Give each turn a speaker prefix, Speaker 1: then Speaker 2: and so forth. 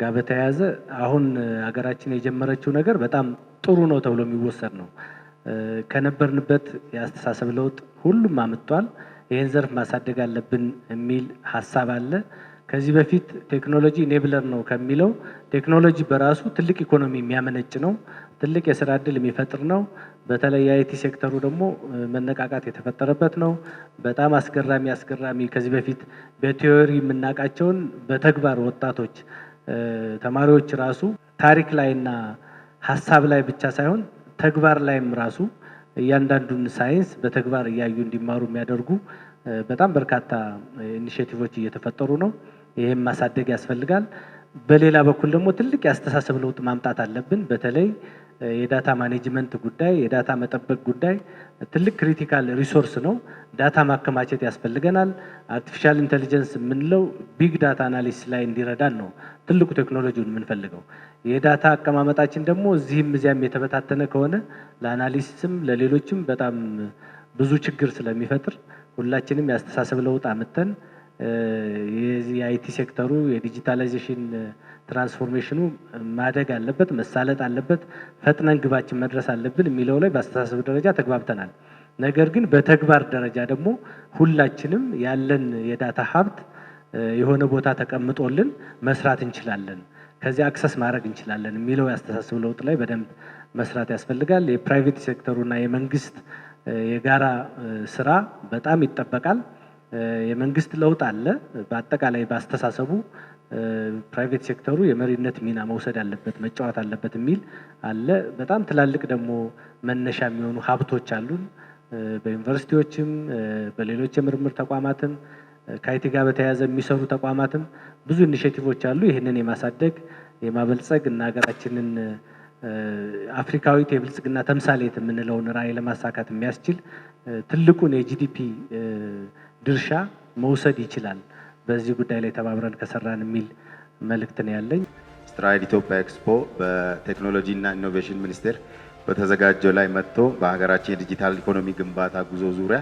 Speaker 1: ጋር በተያያዘ አሁን ሀገራችን የጀመረችው ነገር በጣም ጥሩ ነው ተብሎ የሚወሰድ ነው። ከነበርንበት የአስተሳሰብ ለውጥ ሁሉም አምጥቷል። ይህን ዘርፍ ማሳደግ አለብን የሚል ሀሳብ አለ። ከዚህ በፊት ቴክኖሎጂ ኔብለር ነው ከሚለው ቴክኖሎጂ በራሱ ትልቅ ኢኮኖሚ የሚያመነጭ ነው፣ ትልቅ የስራ እድል የሚፈጥር ነው። በተለይ የአይቲ ሴክተሩ ደግሞ መነቃቃት የተፈጠረበት ነው። በጣም አስገራሚ አስገራሚ ከዚህ በፊት በቴዎሪ የምናውቃቸውን በተግባር ወጣቶች ተማሪዎች ራሱ ታሪክ ላይና ሀሳብ ላይ ብቻ ሳይሆን ተግባር ላይም ራሱ እያንዳንዱን ሳይንስ በተግባር እያዩ እንዲማሩ የሚያደርጉ በጣም በርካታ ኢኒሽቲቮች እየተፈጠሩ ነው። ይህም ማሳደግ ያስፈልጋል። በሌላ በኩል ደግሞ ትልቅ የአስተሳሰብ ለውጥ ማምጣት አለብን። በተለይ የዳታ ማኔጅመንት ጉዳይ፣ የዳታ መጠበቅ ጉዳይ ትልቅ ክሪቲካል ሪሶርስ ነው። ዳታ ማከማቸት ያስፈልገናል። አርቲፊሻል ኢንቴሊጀንስ የምንለው ቢግ ዳታ አናሊሲስ ላይ እንዲረዳን ነው ትልቁ ቴክኖሎጂውን የምንፈልገው። የዳታ አቀማመጣችን ደግሞ እዚህም እዚያም የተበታተነ ከሆነ ለአናሊሲስም ለሌሎችም በጣም ብዙ ችግር ስለሚፈጥር ሁላችንም ያስተሳሰብ ለውጥ አምጥተን የአይቲ ሴክተሩ የዲጂታላይዜሽን ትራንስፎርሜሽኑ ማደግ አለበት፣ መሳለጥ አለበት፣ ፈጥነን ግባችን መድረስ አለብን የሚለው ላይ በአስተሳሰብ ደረጃ ተግባብተናል። ነገር ግን በተግባር ደረጃ ደግሞ ሁላችንም ያለን የዳታ ሀብት የሆነ ቦታ ተቀምጦልን መስራት እንችላለን፣ ከዚያ አክሰስ ማድረግ እንችላለን የሚለው የአስተሳሰብ ለውጥ ላይ በደንብ መስራት ያስፈልጋል። የፕራይቬት ሴክተሩና የመንግስት የጋራ ስራ በጣም ይጠበቃል። የመንግስት ለውጥ አለ። በአጠቃላይ በአስተሳሰቡ ፕራይቬት ሴክተሩ የመሪነት ሚና መውሰድ አለበት መጫወት አለበት የሚል አለ። በጣም ትላልቅ ደግሞ መነሻ የሚሆኑ ሀብቶች አሉን። በዩኒቨርሲቲዎችም በሌሎች የምርምር ተቋማትም ከአይቲ ጋር በተያያዘ የሚሰሩ ተቋማትም ብዙ ኢኒሽቲቮች አሉ። ይህንን የማሳደግ የማበልጸግ እና ሀገራችንን አፍሪካዊት የብልጽግና ተምሳሌት የምንለውን ራዕይ ለማሳካት የሚያስችል ትልቁን የጂዲፒ ድርሻ መውሰድ ይችላል። በዚህ ጉዳይ ላይ ተባብረን ከሰራን የሚል መልእክት ነው ያለኝ።
Speaker 2: ስትራይድ ኢትዮጵያ ኤክስፖ በቴክኖሎጂ እና ኢኖቬሽን ሚኒስቴር በተዘጋጀው ላይ መጥቶ በሀገራችን የዲጂታል ኢኮኖሚ ግንባታ ጉዞ ዙሪያ